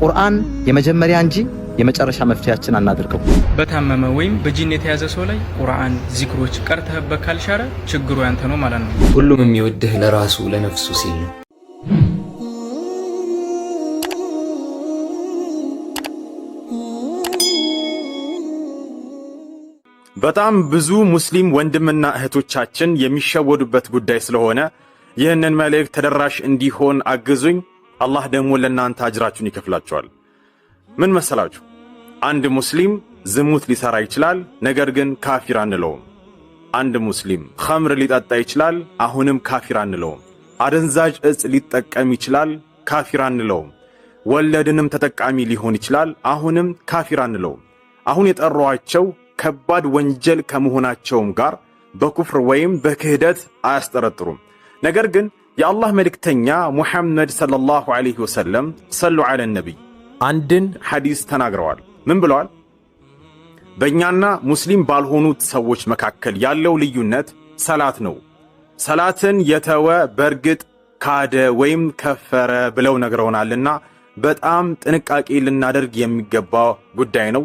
ቁርአን የመጀመሪያ እንጂ የመጨረሻ መፍትሄያችን አናድርገው። በታመመ ወይም በጂን የተያዘ ሰው ላይ ቁርአን ዚክሮች ቀርተህበት ካልሻረ ችግሩ ያንተ ነው ማለት ነው። ሁሉም የሚወድህ ለራሱ ለነፍሱ ሲል ነው። በጣም ብዙ ሙስሊም ወንድምና እህቶቻችን የሚሸወዱበት ጉዳይ ስለሆነ ይህንን መልእክት ተደራሽ እንዲሆን አግዙኝ። አላህ ደግሞ ለእናንተ አጅራችሁን ይከፍላችኋል። ምን መሰላችሁ? አንድ ሙስሊም ዝሙት ሊሰራ ይችላል፣ ነገር ግን ካፊር አንለውም። አንድ ሙስሊም ኸምር ሊጠጣ ይችላል፣ አሁንም ካፊር አንለውም። አደንዛዥ እጽ ሊጠቀም ይችላል፣ ካፊር አንለውም። ወለድንም ተጠቃሚ ሊሆን ይችላል፣ አሁንም ካፊር አንለውም። አሁን የጠሯቸው ከባድ ወንጀል ከመሆናቸውም ጋር በኩፍር ወይም በክህደት አያስጠረጥሩም። ነገር ግን የአላህ መልእክተኛ ሙሐመድ ሰለላሁ ዐለይሂ ወሰለም ሰሉ ዐለ ነቢይ አንድን ሐዲስ ተናግረዋል። ምን ብለዋል? በእኛና ሙስሊም ባልሆኑት ሰዎች መካከል ያለው ልዩነት ሰላት ነው። ሰላትን የተወ በእርግጥ ካደ ወይም ከፈረ ብለው ነግረውናልና በጣም ጥንቃቄ ልናደርግ የሚገባ ጉዳይ ነው።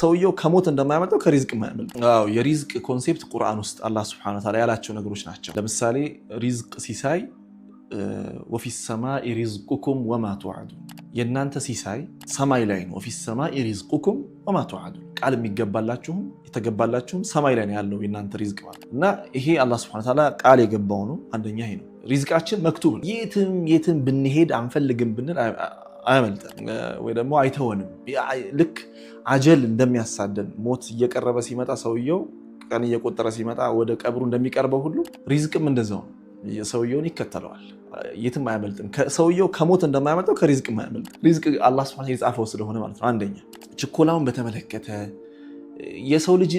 ሰውየው ከሞት እንደማያመልጠው ከሪዝቅ የማያመልጥ የሪዝቅ ኮንሴፕት ቁርአን ውስጥ አላህ ስብሐነ ወተዓላ ያላቸው ነገሮች ናቸው። ለምሳሌ ሪዝቅ ሲሳይ ወፊ ሰማኢ ሪዝቁኩም ወማ ቱዓዱን፣ የእናንተ ሲሳይ ሰማይ ላይ ነው። ወፊ ሰማኢ ሪዝቁኩም ወማ ቱዓዱን፣ ቃል የሚገባላችሁም የተገባላችሁም ሰማይ ላይ ነው ያለው የእናንተ ሪዝቅ ማለት እና ይሄ አላህ ስብሐነ ወተዓላ ቃል የገባው ነው። አንደኛ ይሄ ነው ሪዝቃችን መክቱብ ነው። የትም የትም ብንሄድ አንፈልግም ብንል አያመልጥም ወይ ደግሞ አይተወንም። ልክ አጀል እንደሚያሳደን ሞት እየቀረበ ሲመጣ ሰውየው ቀን እየቆጠረ ሲመጣ ወደ ቀብሩ እንደሚቀርበው ሁሉ ሪዝቅም እንደዛው ሰውየውን ይከተለዋል። የትም አያመልጥም። ሰውየው ከሞት እንደማያመልጠው ከሪዝቅም አያመልጥ። ሪዝቅ አላህ ሱብሓነሁ የጻፈው ስለሆነ ማለት ነው። አንደኛ ችኮላውን በተመለከተ የሰው ልጅ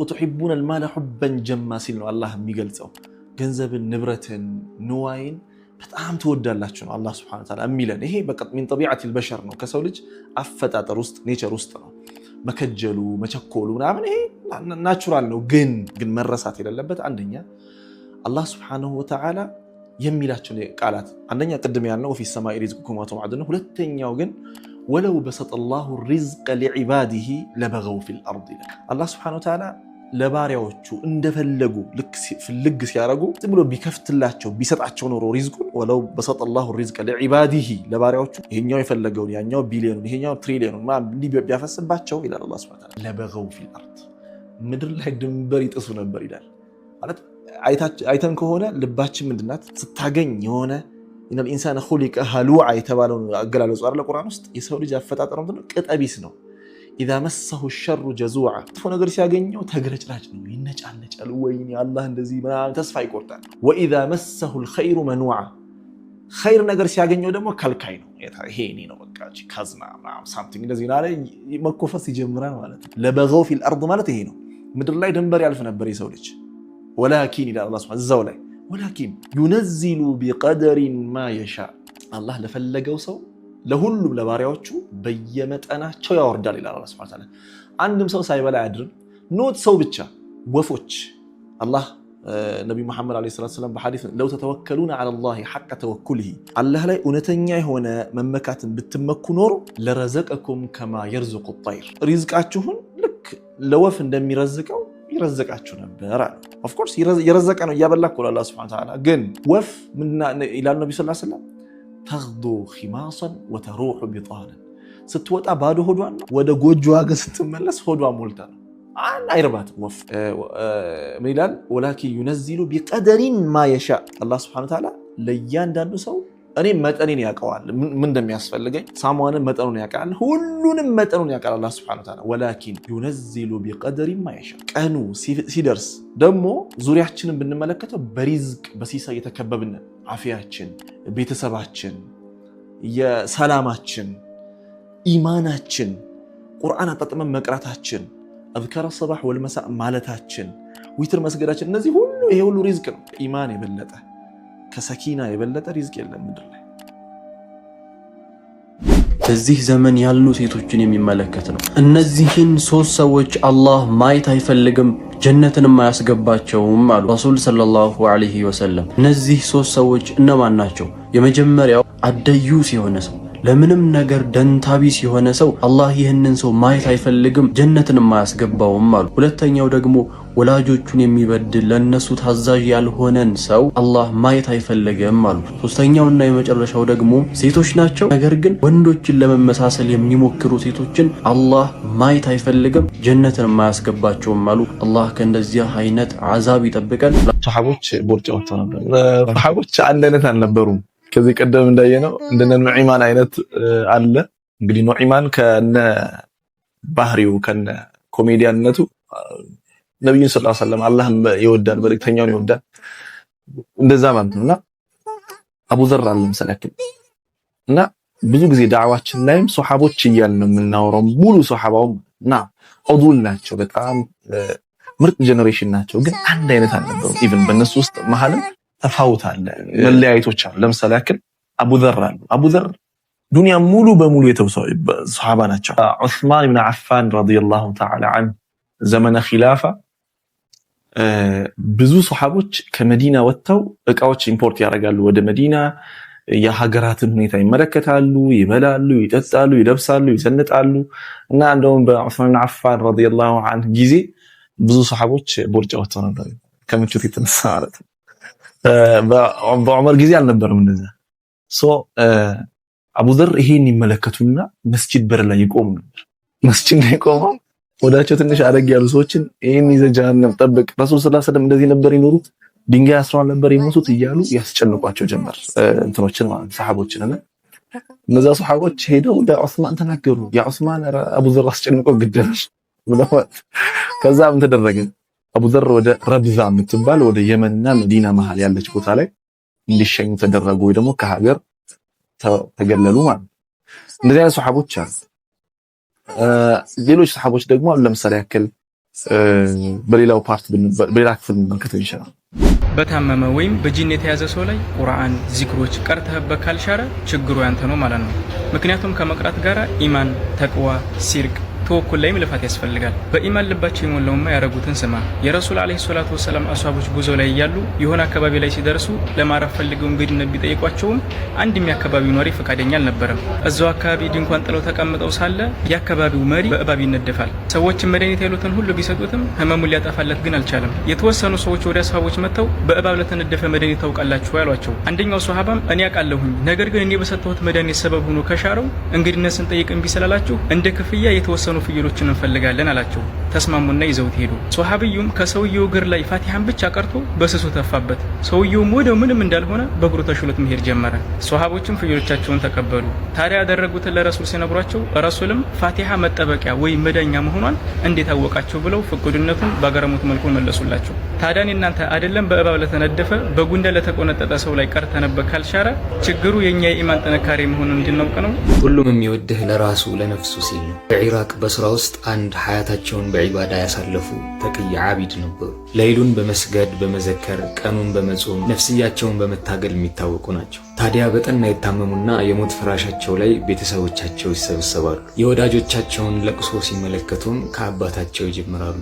ወቱሒቡነል ልማለ ሑበን ጀማ ሲል ነው አላህ የሚገልጸው ገንዘብን፣ ንብረትን፣ ንዋይን በጣም ትወዳላችሁ ነው አላህ ስብሐነ ወተዓላ የሚለን። ይሄ ሚን ጠቢዓቲል በሸር ነው፣ ከሰው ልጅ አፈጣጠር ውስጥ ኔቸር ውስጥ ነው። መከጀሉ መቸኮሉ ምናምን ይሄ ናቹራል ነው። ግን ግን መረሳት የሌለበት አንደኛ አላህ ስብሐነሁ ወተዓላ የሚላቸው ቃላት አንደኛ ቅድም ያልነው ወፊ ሰማኢ ሪዝቁኩም ወማ ሁለተኛው ግን ወለው በሰጠ ላሁ ሪዝቀ ሊዕባዲሂ ለበገው ፊል አርድ አላህ ስብሐነሁ ወተዓላ ለባሪያዎቹ እንደፈለጉ ፍልግ ሲያደርጉ ዝም ብሎ ቢከፍትላቸው ቢሰጣቸው ኖሮ ሪዝቁን ወለው በሰጠ ላሁ ሪዝቀ ለዒባዲሂ ለባሪያዎቹ ይሄኛው የፈለገውን ያኛው ቢሊዮኑን ይሄኛው ትሪሊዮኑን ቢያፈስባቸው ይላል አላህ ሱብሓነሁ ወተዓላ ለበገው ፊል አርድ ምድር ላይ ድንበር ይጥሱ ነበር ይላል። ማለት አይተን ከሆነ ልባችን ምንድናት ስታገኝ የሆነ ኢነል ኢንሳነ ሁሊቀ ሀሉዓ የተባለውን አገላለጹ አይደል ቁርአን ውስጥ የሰው ልጅ አፈጣጠሩ ቅጠቢስ ነው። ኢዛ መሰሁ ሸሩ ጀዙዓ፣ መጥፎ ነገር ሲያገኘው ተግረጭራጭ ነው፣ ይነጫነጫል። ወይኔ አላህ እንደዚህ ምናምን ተስፋ ይቆርጣል። ወኢዛ መሰሁ ልኸይሩ መኑዓ፣ ኸይር ነገር ሲያገኘው ደግሞ ከልካይ ነው። ይሄ እኔ ነው በቃ ካዝና ሳምቲንግ እንደዚህ መኮፈስ ይጀምራል ማለት ነው። ለበገው ፊል አርድ ማለት ይሄ ነው። ምድር ላይ ድንበር ያልፍ ነበር የሰው ልጅ ወላኪን ይላል አላህ እዛው ላይ ወላኪን ዩነዚሉ ቢቀደሪን ማ የሻእ አላህ ለፈለገው ሰው ለሁሉም ለባሪያዎቹ በየመጠናቸው ያወርዳል ይላል አላህ ሱብሐነሁ ወተዓላ። አንድም ሰው ሳይበላ አያድርም። ኖት ሰው ብቻ ወፎች አላህ ነቢ መሐመድ ዓለይሂ ሰላቱ ወሰላም በሐዲስ ለው ተተወከሉና ዐለላሂ ሐቀ ተወኩልሂ አላህ ላይ እውነተኛ የሆነ መመካትን ብትመኩ ኖሮ ለረዘቀኩም ከማ የርዝቁ ጠይር ሪዝቃችሁን ልክ ለወፍ እንደሚረዝቀው ይረዘቃችሁ ነበር አለ። ኦፍኮርስ የረዘቀ ነው እያበላ እኮ አላህ ሱብሐነሁ ወተዓላ ግን ወፍ ይላሉ ነቢ ስ ተግዶ ኺማሳን ወተሩሑ ቢጣንን ስትወጣ ባዶ ሆዷን ወደ ጎጆዋ ግን ስትመለስ ሆዷ ሞልታ ነው። አንድ አይርባትም። ወፍ ምን ይላል? ወላኪን ዩነዚሉ ቢቀደሪን ማ የሻእ አላህ ስብሐነሁ ወተዓላ ለእያንዳንዱ ሰው እኔ መጠኔን ያውቀዋል፣ ምን እንደሚያስፈልገኝ ሳሟንን መጠኑን ያውቃል፣ ሁሉንም መጠኑን ያውቃል አላህ ሱብሐነሁ ወተዓላ። ወላኪን ዩነዚሉ ቢቀደሪ ማ የሻእ። ቀኑ ሲደርስ ደግሞ ዙሪያችንን ብንመለከተው በሪዝቅ በሲሳ እየተከበብን አፊያችን፣ ቤተሰባችን፣ የሰላማችን፣ ኢማናችን፣ ቁርአን አጣጥመን መቅራታችን፣ አዝከረ ሰባሕ ወልመሳእ ማለታችን፣ ዊትር መስገዳችን፣ እነዚህ ሁሉ ይሄ ሁሉ ሪዝቅ ነው። ኢማን የበለጠ ከሰኪና የበለጠ ሪዝቅ የለም ምድር ላይ። በዚህ ዘመን ያሉ ሴቶችን የሚመለከት ነው። እነዚህን ሶስት ሰዎች አላህ ማየት አይፈልግም ጀነትንም አያስገባቸውም አሉ ረሱል ሰለላሁ ዐለይሂ ወሰለም። እነዚህ ሶስት ሰዎች እነማን ናቸው? የመጀመሪያው አደዩስ የሆነ ሰው ለምንም ነገር ደንታቢስ የሆነ ሰው አላህ ይህንን ሰው ማየት አይፈልግም፣ ጀነትንም አያስገባውም አሉ። ሁለተኛው ደግሞ ወላጆቹን የሚበድል ለእነሱ ታዛዥ ያልሆነን ሰው አላህ ማየት አይፈልግም አሉ። ሶስተኛውና የመጨረሻው ደግሞ ሴቶች ናቸው። ነገር ግን ወንዶችን ለመመሳሰል የሚሞክሩ ሴቶችን አላህ ማየት አይፈልግም፣ ጀነትን ማያስገባቸውም አሉ። አላህ ከእንደዚህ አይነት አዛብ ይጠብቀን። ሰሓቦች ቦርጭ ወጥተው ነበር። ሰሓቦች አንድ አይነት አልነበሩም። ከዚህ ቀደም እንዳየነው እንደነ ኑዒማን አይነት አለ። እንግዲህ ኑዒማን ከነ ባህሪው ከነ ኮሜዲያንነቱ ነቢዩን ስላ ሰለም አላህን ይወዳል፣ መልእክተኛውን ይወዳል፣ እንደዛ ማለት ነው እና አቡዘር አለ መሰላክል እና ብዙ ጊዜ ዳዕዋችን ላይም ሶሓቦች እያልን ነው የምናወራው። ሙሉ ሶሓባውም እና ኦዱል ናቸው፣ በጣም ምርጥ ጀኔሬሽን ናቸው። ግን አንድ አይነት አልነበሩም። ኢቨን በእነሱ ውስጥ መሀልም ተፋውት አለ፣ መለያየቶች አሉ። ለምሳሌ ያክል አቡዘር አሉ። አቡዘር ዱንያ ሙሉ በሙሉ የተውሰው ሰሓባ ናቸው። ዑስማን ብን ዓፋን ረዲየላሁ ተዓላ አንሁ ዘመነ ኺላፋ ብዙ ሰሓቦች ከመዲና ወጥተው እቃዎች ኢምፖርት ያደርጋሉ ወደ መዲና። የሀገራትን ሁኔታ ይመለከታሉ፣ ይበላሉ፣ ይጠጣሉ፣ ይለብሳሉ፣ ይሰንጣሉ እና እንደውም በዑስማን ብን ዓፋን ረዲየላሁ አንሁ ጊዜ ብዙ ሰሓቦች ቦርጫ ወጥተው ነበር ከምቾት የተነሳ ማለት ነው። በዑመር ጊዜ አልነበረም እንደዛ። አቡዘር ይሄን ይመለከቱና መስጂድ በር ላይ ይቆሙ ነበር። መስጂድ ላይ ቆመው ወዳቸው ትንሽ አደግ ያሉ ሰዎችን ይሄን ይዘህ ጀሃነም ጠብቅ፣ ረሱል ሰለላሁ ዐለይሂ እንደዚህ ነበር ይኖሩት፣ ድንጋይ አስረዋል ነበር ይሞቱት እያሉ ያስጨንቋቸው ጀመር። እንትኖችን ማለት ሰሐቦችን እና እነዛ ሰሐቦች ሄደው ለዑስማን ተናገሩ። ያ ዑስማን አቡዘር አስጨንቆ ግደለሽ ከዛም ተደረገን አቡዘር ወደ ረብዛ የምትባል ወደ የመንና መዲና መሃል ያለች ቦታ ላይ እንዲሸኙ ተደረጉ፣ ወይ ደግሞ ከሀገር ተገለሉ ማለት ነው። እንደዚህ አይነት ሰሓቦች አሉ። ሌሎች ሰሓቦች ደግሞ አሉ። ለምሳሌ ያክል በሌላው ፓርት በሌላ ክፍል መመልከተው ይችላል። በታመመ ወይም በጂን የተያዘ ሰው ላይ ቁርአን ዚክሮች ቀርተህበት ካልሻረ ችግሩ ያንተ ነው ማለት ነው። ምክንያቱም ከመቅራት ጋር ኢማን፣ ተቅዋ፣ ሲርቅ ተወኩል ላይም ልፋት ያስፈልጋል። በኢማን ልባቸው የሞላውማ ያረጉትን ስማ። የረሱል ዓለይሂ ሰላቱ ወሰላም አስዋቦች ጉዞ ላይ እያሉ የሆነ አካባቢ ላይ ሲደርሱ ለማረፍ ፈልገው እንግድነት ቢጠይቋቸውም አንድም የአካባቢው ኗሪ ፈቃደኛ አልነበረም። እዛው አካባቢ ድንኳን ጥለው ተቀምጠው ሳለ የአካባቢው መሪ በእባብ ይነደፋል። ሰዎችን መድኃኒት ያሉትን ሁሉ ቢሰጡትም ህመሙን ሊያጠፋለት ግን አልቻለም። የተወሰኑ ሰዎች ወደ አሷቦች መጥተው በእባብ ለተነደፈ መድኃኒት ታውቃላችሁ ያሏቸው። አንደኛው ሶሃባም እኔ አውቃለሁኝ፣ ነገር ግን እኔ በሰጠሁት መድኃኒት ሰበብ ሆኖ ከሻረው እንግድነት ስንጠይቅ እምቢ ስላላችሁ እንደ ክፍያ የተወሰኑ ፍየሎችን እንፈልጋለን አላቸው። ተስማሙና ይዘውት ሄዱ። ሶሃብዩም ከሰውየው እግር ላይ ፋቲሃን ብቻ ቀርቶ በስሱ ተፋበት። ሰውየውም ወደ ምንም እንዳልሆነ በእግሩ ተሽሎት መሄድ ጀመረ። ሶሃቦችም ፍየሎቻቸውን ተቀበሉ። ታዲያ ያደረጉትን ለረሱል ሲነግሯቸው ረሱልም ፋቲሃ መጠበቂያ ወይም መዳኛ መሆኗን እንዴት አወቃቸው ብለው ፍቅዱነቱን በአገረሞት መልኩ መለሱላቸው። ታዲያ እናንተ አይደለም በእባብ ለተነደፈ በጉንዳ ለተቆነጠጠ ሰው ላይ ቀር ተነበ ካልሻረ ችግሩ የእኛ የኢማን ጥንካሬ መሆኑን እንድናውቅ ነው። ሁሉም የሚወድህ ለራሱ ለነፍሱ ሲል በኢራቅ በስራ ውስጥ አንድ ሀያታቸውን በዒባዳ ያሳለፉ ተቅይ ዓቢድ ነበሩ። ለይሉን በመስገድ በመዘከር፣ ቀኑን በመጾም ነፍስያቸውን በመታገል የሚታወቁ ናቸው። ታዲያ በጠና የታመሙና የሞት ፍራሻቸው ላይ ቤተሰቦቻቸው ይሰበሰባሉ። የወዳጆቻቸውን ለቅሶ ሲመለከቱም ከአባታቸው ይጀምራሉ።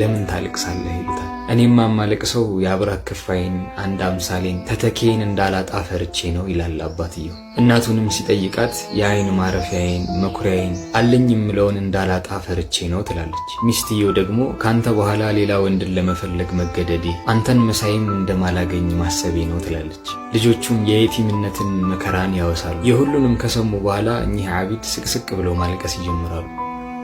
ለምን ታልቅሳለህ? ይሉታል። እኔም አማለቅ ሰው የአብራክ ክፋይን አንድ አምሳሌን ተተኬን እንዳላጣ ፈርቼ ነው ይላል አባትየው። እናቱንም ሲጠይቃት የአይን ማረፊያዬን መኩሪያዬን አለኝ የምለውን እንዳላጣ ፈርቼ ነው ትላለች። ሚስትየው ደግሞ ከአንተ በኋላ ሌላ ወንድን ለመፈለግ መገደዴ አንተን መሳይም እንደማላገኝ ማሰቤ ነው ትላለች። ልጆቹም የየቲምነትን መከራን ያወሳሉ። የሁሉንም ከሰሙ በኋላ እኚህ አቢድ ስቅስቅ ብለው ማልቀስ ይጀምራሉ።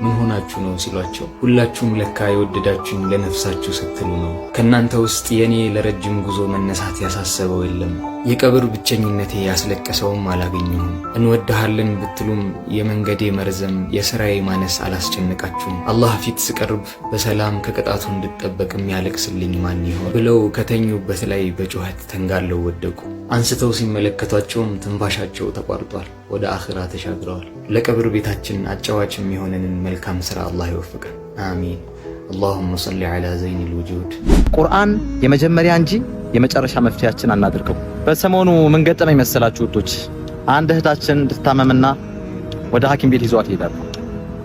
ምን ሆናችሁ ነው ሲሏቸው፣ ሁላችሁም ለካ የወደዳችሁኝ ለነፍሳችሁ ስትሉ ነው። ከእናንተ ውስጥ የእኔ ለረጅም ጉዞ መነሳት ያሳሰበው የለም የቀብር ብቸኝነቴ ያስለቀሰውም አላገኘሁም። እንወድሃለን ብትሉም የመንገዴ መርዘም የሥራዬ ማነስ አላስጨነቃችሁም። አላህ ፊት ስቀርብ በሰላም ከቅጣቱ እንድጠበቅ ያለቅስልኝ ማን ይሆን ብለው ከተኙበት ላይ በጩኸት ተንጋለው ወደቁ። አንስተው ሲመለከቷቸውም ትንፋሻቸው ተቋርጧል፣ ወደ አኽራ ተሻግረዋል። ለቀብር ቤታችን አጫዋችም የሆነንን መልካም ሥራ አላህ ይወፍቀን። አሚን። አላሁመ ሰሊ ዓላ ዘይን ልውጁድ ቁርአን የመጀመሪያ እንጂ የመጨረሻ መፍትሄያችን አናድርገው። በሰሞኑ ምን ገጠመኝ መሰላችሁ ውዶች? አንድ እህታችን እንድትታመምና ወደ ሐኪም ቤት ይዟት ይሄዳሉ።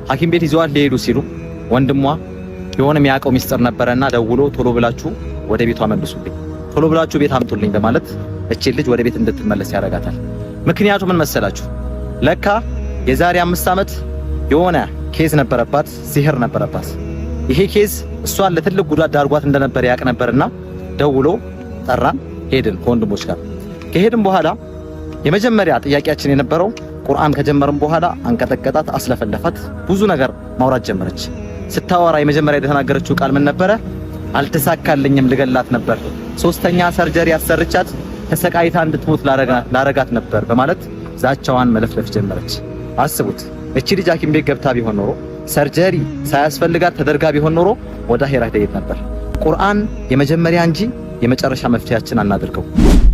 ሐኪም ቤት ይዟት ሊሄዱ ሲሉ ወንድሟ የሆነ የሚያውቀው ሚስጥር ነበረና ደውሎ ቶሎ ብላችሁ ወደ ቤቷ መልሱልኝ፣ ቶሎ ብላችሁ ቤት አምጡልኝ በማለት እቺ ልጅ ወደ ቤት እንድትመለስ ያደርጋታል። ምክንያቱ ምን መሰላችሁ? ለካ የዛሬ አምስት ዓመት የሆነ ኬዝ ነበረባት፣ ሲህር ነበረባት። ይሄ ኬዝ እሷን ለትልቅ ጉዳት ዳርጓት እንደነበር ያቅ ነበርና ደውሎ ጠራን፣ ሄድን ከወንድሞች ጋር። ከሄድን በኋላ የመጀመሪያ ጥያቄያችን የነበረው ቁርአን ከጀመርን በኋላ አንቀጠቀጣት፣ አስለፈለፋት፣ ብዙ ነገር ማውራት ጀመረች። ስታወራ የመጀመሪያ የተናገረችው ቃል ምን ነበረ? አልተሳካልኝም፣ ልገላት ነበር፣ ሶስተኛ ሰርጀሪ አሰርቻት ተሰቃይታ እንድትሞት ላረጋት ነበር በማለት ዛቻዋን መለፍለፍ ጀመረች። አስቡት እቺ ልጅ ሐኪም ቤት ገብታ ቢሆን ኖሮ ሰርጀሪ ሳያስፈልጋት ተደርጋ ቢሆን ኖሮ ወደ አኺራ ትሄድ ነበር። ቁርአን የመጀመሪያ እንጂ የመጨረሻ መፍትሄያችን አናድርገው።